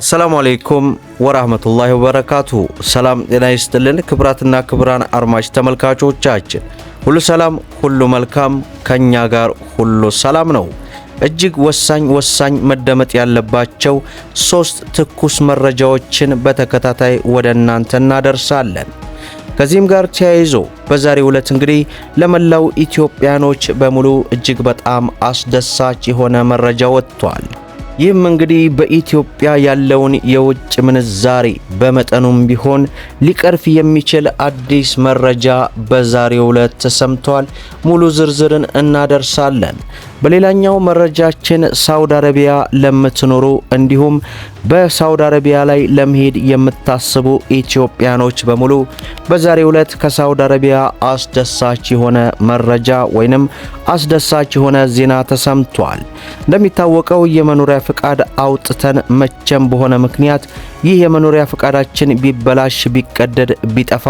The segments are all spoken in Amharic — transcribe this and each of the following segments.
አሰላሙ አሌይኩም ወራህመቱላሂ ወበረካቱሁ። ሰላም ጤና ይስጥልን። ክብራትና ክብራን አድማጭ ተመልካቾቻችን ሁሉ ሰላም፣ ሁሉ መልካም፣ ከኛ ጋር ሁሉ ሰላም ነው። እጅግ ወሳኝ ወሳኝ መደመጥ ያለባቸው ሶስት ትኩስ መረጃዎችን በተከታታይ ወደ እናንተ እናደርሳለን። ከዚህም ጋር ተያይዞ በዛሬው ዕለት እንግዲህ ለመላው ኢትዮጵያኖች በሙሉ እጅግ በጣም አስደሳች የሆነ መረጃ ወጥቷል። ይህም እንግዲህ በኢትዮጵያ ያለውን የውጭ ምንዛሬ በመጠኑም ቢሆን ሊቀርፍ የሚችል አዲስ መረጃ በዛሬው ዕለት ተሰምቷል። ሙሉ ዝርዝርን እናደርሳለን። በሌላኛው መረጃችን ሳውዲ አረቢያ ለምትኖሩ እንዲሁም በሳውዲ አረቢያ ላይ ለመሄድ የምታስቡ ኢትዮጵያኖች በሙሉ በዛሬው ዕለት ከሳውዲ አረቢያ አስደሳች የሆነ መረጃ ወይንም አስደሳች የሆነ ዜና ተሰምቷል። እንደሚታወቀው የመኖሪያ ፍቃድ አውጥተን መቼም በሆነ ምክንያት ይህ የመኖሪያ ፍቃዳችን ቢበላሽ፣ ቢቀደድ፣ ቢጠፋ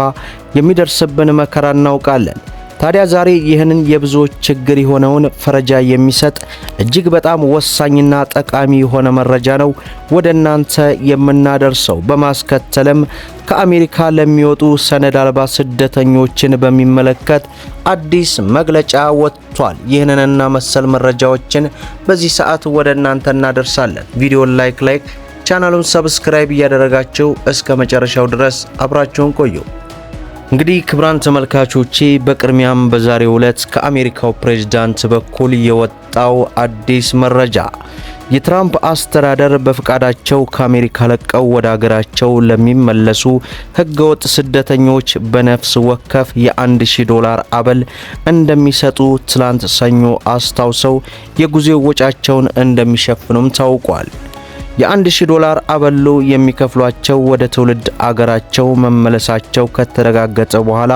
የሚደርስብን መከራ እናውቃለን። ታዲያ ዛሬ ይህንን የብዙዎች ችግር የሆነውን ፈረጃ የሚሰጥ እጅግ በጣም ወሳኝና ጠቃሚ የሆነ መረጃ ነው ወደ እናንተ የምናደርሰው። በማስከተልም ከአሜሪካ ለሚወጡ ሰነድ አልባ ስደተኞችን በሚመለከት አዲስ መግለጫ ወጥቷል። ይህንንና መሰል መረጃዎችን በዚህ ሰዓት ወደ እናንተ እናደርሳለን። ቪዲዮን ላይክ ላይክ ቻናሉን ሰብስክራይብ እያደረጋችሁ እስከ መጨረሻው ድረስ አብራችሁን ቆዩ። እንግዲህ ክብራን ተመልካቾቼ በቅድሚያም በዛሬው ዕለት ከአሜሪካው ፕሬዝዳንት በኩል የወጣው አዲስ መረጃ የትራምፕ አስተዳደር በፍቃዳቸው ከአሜሪካ ለቀው ወደ አገራቸው ለሚመለሱ ህገወጥ ስደተኞች በነፍስ ወከፍ የ1000 ዶላር አበል እንደሚሰጡ ትላንት ሰኞ አስታውሰው የጉዞ ወጫቸውን እንደሚሸፍኑም ታውቋል። የአንድ ሺህ ዶላር አበሉ የሚከፍሏቸው ወደ ትውልድ አገራቸው መመለሳቸው ከተረጋገጠ በኋላ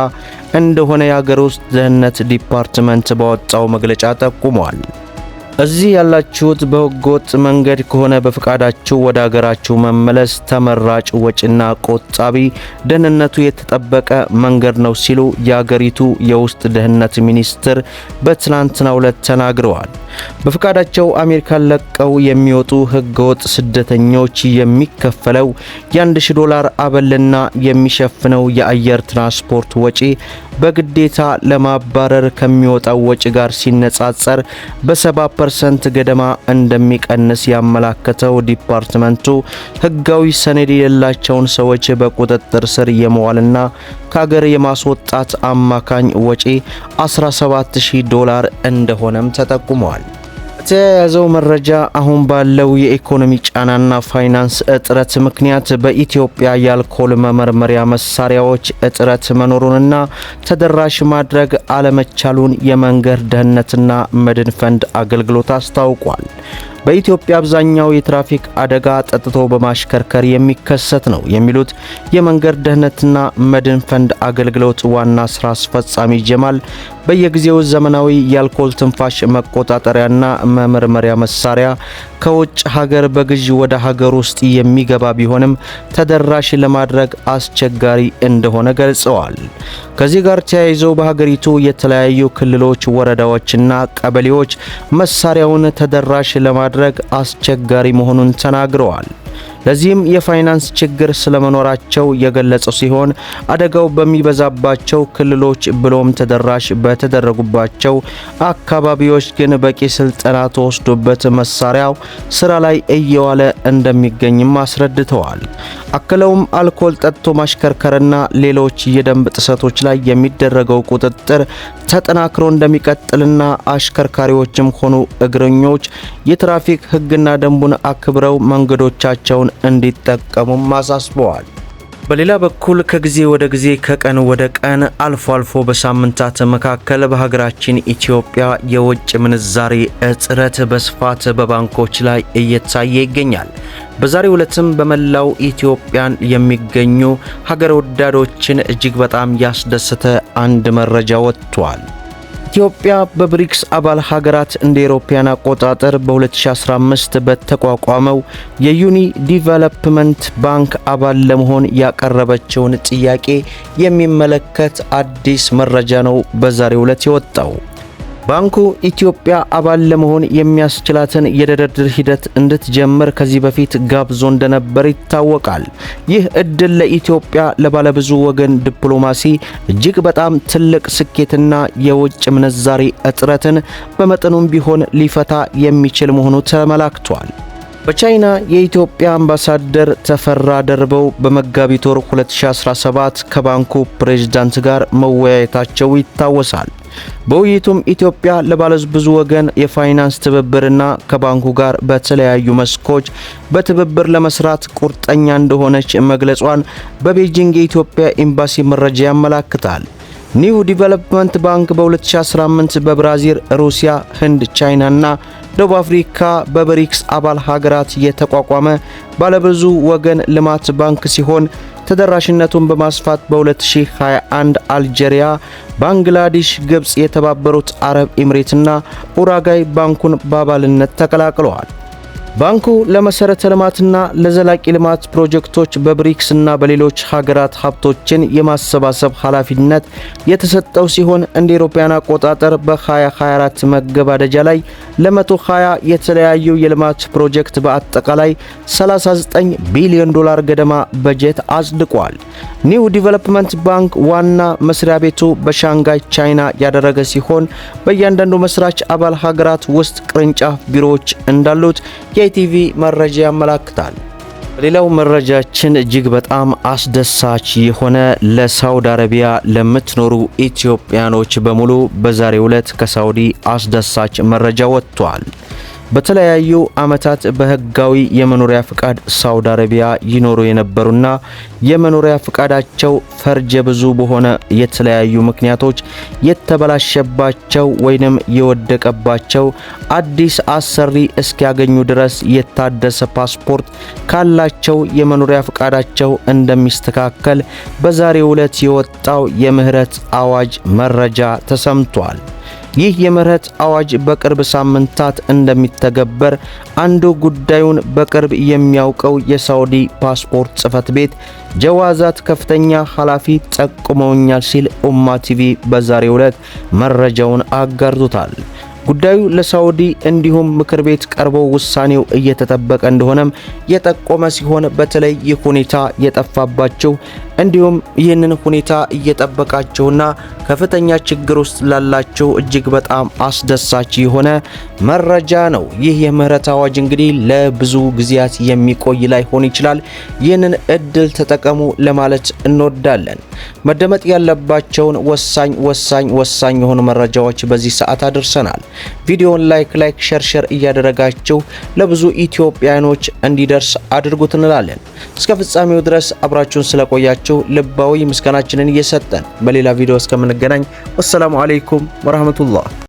እንደሆነ የአገር ውስጥ ደህንነት ዲፓርትመንት ባወጣው መግለጫ ጠቁመዋል። እዚህ ያላችሁት በህገወጥ መንገድ ከሆነ በፍቃዳችሁ ወደ አገራችሁ መመለስ ተመራጭ ወጪና ቆጣቢ ደህንነቱ የተጠበቀ መንገድ ነው ሲሉ የአገሪቱ የውስጥ ደህንነት ሚኒስትር በትናንትናው ዕለት ተናግረዋል። በፍቃዳቸው አሜሪካን ለቀው የሚወጡ ህገወጥ ስደተኞች የሚከፈለው የ1000 ዶላር አበልና የሚሸፍነው የአየር ትራንስፖርት ወጪ በግዴታ ለማባረር ከሚወጣው ወጪ ጋር ሲነጻጸር በ70 ገደማ እንደሚቀንስ ያመላከተው ዲፓርትመንቱ ሕጋዊ ሰነድ የሌላቸውን ሰዎች በቁጥጥር ስር የመዋልና ከሀገር የማስወጣት አማካኝ ወጪ 17000 ዶላር እንደሆነም ተጠቁመዋል። የተያያዘው መረጃ አሁን ባለው የኢኮኖሚ ጫናና ፋይናንስ እጥረት ምክንያት በኢትዮጵያ የአልኮል መመርመሪያ መሳሪያዎች እጥረት መኖሩንና ተደራሽ ማድረግ አለመቻሉን የመንገድ ደህንነትና መድን ፈንድ አገልግሎት አስታውቋል። በኢትዮጵያ አብዛኛው የትራፊክ አደጋ ጠጥቶ በማሽከርከር የሚከሰት ነው የሚሉት የመንገድ ደህንነትና መድን ፈንድ አገልግሎት ዋና ስራ አስፈጻሚ ጀማል በየጊዜው ዘመናዊ የአልኮል ትንፋሽ መቆጣጠሪያና መመርመሪያ መሳሪያ ከውጭ ሀገር በግዥ ወደ ሀገር ውስጥ የሚገባ ቢሆንም ተደራሽ ለማድረግ አስቸጋሪ እንደሆነ ገልጸዋል። ከዚህ ጋር ተያይዞ በሀገሪቱ የተለያዩ ክልሎች፣ ወረዳዎችና ቀበሌዎች መሳሪያውን ተደራሽ ለማድረግ አስቸጋሪ መሆኑን ተናግረዋል። ለዚህም የፋይናንስ ችግር ስለመኖራቸው የገለጸ ሲሆን አደጋው በሚበዛባቸው ክልሎች ብሎም ተደራሽ በተደረጉባቸው አካባቢዎች ግን በቂ ስልጠና ተወስዶበት መሳሪያው ስራ ላይ እየዋለ እንደሚገኝም አስረድተዋል። አክለውም አልኮል ጠጥቶ ማሽከርከርና ሌሎች የደንብ ጥሰቶች ላይ የሚደረገው ቁጥጥር ተጠናክሮ እንደሚቀጥልና አሽከርካሪዎችም ሆኑ እግረኞች የትራፊክ ሕግና ደንቡን አክብረው መንገዶቻቸውን እንዲጠቀሙም አሳስበዋል። በሌላ በኩል ከጊዜ ወደ ጊዜ ከቀን ወደ ቀን አልፎ አልፎ በሳምንታት መካከል በሀገራችን ኢትዮጵያ የውጭ ምንዛሬ እጥረት በስፋት በባንኮች ላይ እየታየ ይገኛል። በዛሬ ዕለትም በመላው ኢትዮጵያን የሚገኙ ሀገር ወዳዶችን እጅግ በጣም ያስደሰተ አንድ መረጃ ወጥቷል። ኢትዮጵያ በብሪክስ አባል ሀገራት እንደ ኤሮፓያን አቆጣጠር በ2015 በተቋቋመው የዩኒ ዲቨሎፕመንት ባንክ አባል ለመሆን ያቀረበችውን ጥያቄ የሚመለከት አዲስ መረጃ ነው በዛሬው ዕለት የወጣው። ባንኩ ኢትዮጵያ አባል ለመሆን የሚያስችላትን የድርድር ሂደት እንድትጀምር ከዚህ በፊት ጋብዞ እንደነበር ይታወቃል። ይህ እድል ለኢትዮጵያ ለባለብዙ ወገን ዲፕሎማሲ እጅግ በጣም ትልቅ ስኬትና የውጭ ምንዛሪ እጥረትን በመጠኑም ቢሆን ሊፈታ የሚችል መሆኑ ተመላክቷል። በቻይና የኢትዮጵያ አምባሳደር ተፈራ ደርበው በመጋቢት ወር 2017 ከባንኩ ፕሬዝዳንት ጋር መወያየታቸው ይታወሳል። በውይይቱም ኢትዮጵያ ለባለብዙ ወገን የፋይናንስ ትብብርና ከባንኩ ጋር በተለያዩ መስኮች በትብብር ለመስራት ቁርጠኛ እንደሆነች መግለጿን በቤጂንግ የኢትዮጵያ ኤምባሲ መረጃ ያመላክታል። ኒው ዲቨሎፕመንት ባንክ በ2018 በብራዚል፣ ሩሲያ፣ ህንድ፣ ቻይናና ደቡብ አፍሪካ በብሪክስ አባል ሀገራት የተቋቋመ ባለብዙ ወገን ልማት ባንክ ሲሆን ተደራሽነቱን በማስፋት በ2021 አልጄሪያ፣ ባንግላዴሽ፣ ግብፅ፣ የተባበሩት አረብ ኤምሬትና ኡራጋይ ባንኩን በአባልነት ተቀላቅለዋል። ባንኩ ለመሰረተ ልማትና ለዘላቂ ልማት ፕሮጀክቶች በብሪክስ እና በሌሎች ሀገራት ሀብቶችን የማሰባሰብ ኃላፊነት የተሰጠው ሲሆን እንደ አውሮፓውያን አቆጣጠር በ2024 መገባደጃ ላይ ለ120 የተለያዩ የልማት ፕሮጀክት በአጠቃላይ 39 ቢሊዮን ዶላር ገደማ በጀት አጽድቋል። ኒው ዲቨሎፕመንት ባንክ ዋና መስሪያ ቤቱ በሻንጋይ ቻይና ያደረገ ሲሆን በእያንዳንዱ መስራች አባል ሀገራት ውስጥ ቅርንጫፍ ቢሮዎች እንዳሉት የ የኢቲቪ መረጃ ያመላክታል። በሌላው መረጃችን እጅግ በጣም አስደሳች የሆነ ለሳውዲ አረቢያ ለምትኖሩ ኢትዮጵያኖች በሙሉ በዛሬው ዕለት ከሳውዲ አስደሳች መረጃ ወጥቷል። በተለያዩ ዓመታት በህጋዊ የመኖሪያ ፍቃድ ሳውዲ አረቢያ ይኖሩ የነበሩና የመኖሪያ ፍቃዳቸው ፈርጀ ብዙ በሆነ የተለያዩ ምክንያቶች የተበላሸባቸው ወይንም የወደቀባቸው አዲስ አሰሪ እስኪያገኙ ድረስ የታደሰ ፓስፖርት ካላቸው የመኖሪያ ፍቃዳቸው እንደሚስተካከል በዛሬው ዕለት የወጣው የምህረት አዋጅ መረጃ ተሰምቷል። ይህ የምህረት አዋጅ በቅርብ ሳምንታት እንደሚተገበር አንዱ ጉዳዩን በቅርብ የሚያውቀው የሳውዲ ፓስፖርት ጽህፈት ቤት ጀዋዛት ከፍተኛ ኃላፊ ጠቁመውኛል ሲል ኡማ ቲቪ በዛሬው ዕለት መረጃውን አጋርቶታል። ጉዳዩ ለሳውዲ እንዲሁም ምክር ቤት ቀርቦ ውሳኔው እየተጠበቀ እንደሆነም የጠቆመ ሲሆን በተለይ ይህ ሁኔታ የጠፋባቸው እንዲሁም ይህንን ሁኔታ እየጠበቃቸውና ከፍተኛ ችግር ውስጥ ላላቸው እጅግ በጣም አስደሳች የሆነ መረጃ ነው። ይህ የምህረት አዋጅ እንግዲህ ለብዙ ጊዜያት የሚቆይ ላይሆን ይችላል። ይህንን እድል ተጠቀሙ ለማለት እንወዳለን። መደመጥ ያለባቸውን ወሳኝ ወሳኝ ወሳኝ የሆኑ መረጃዎች በዚህ ሰዓት አድርሰናል። ቪዲዮውን ላይክ ላይክ ሸር ሸር እያደረጋችሁ ለብዙ ኢትዮጵያኖች እንዲደርስ አድርጉት እንላለን። እስከ ፍጻሜው ድረስ አብራችሁን ስለቆያችሁ ስለመሆናቸው ልባዊ ምስጋናችንን እየሰጠን በሌላ ቪዲዮ እስከምንገናኝ ወሰላሙ አሌይኩም ወረህመቱላህ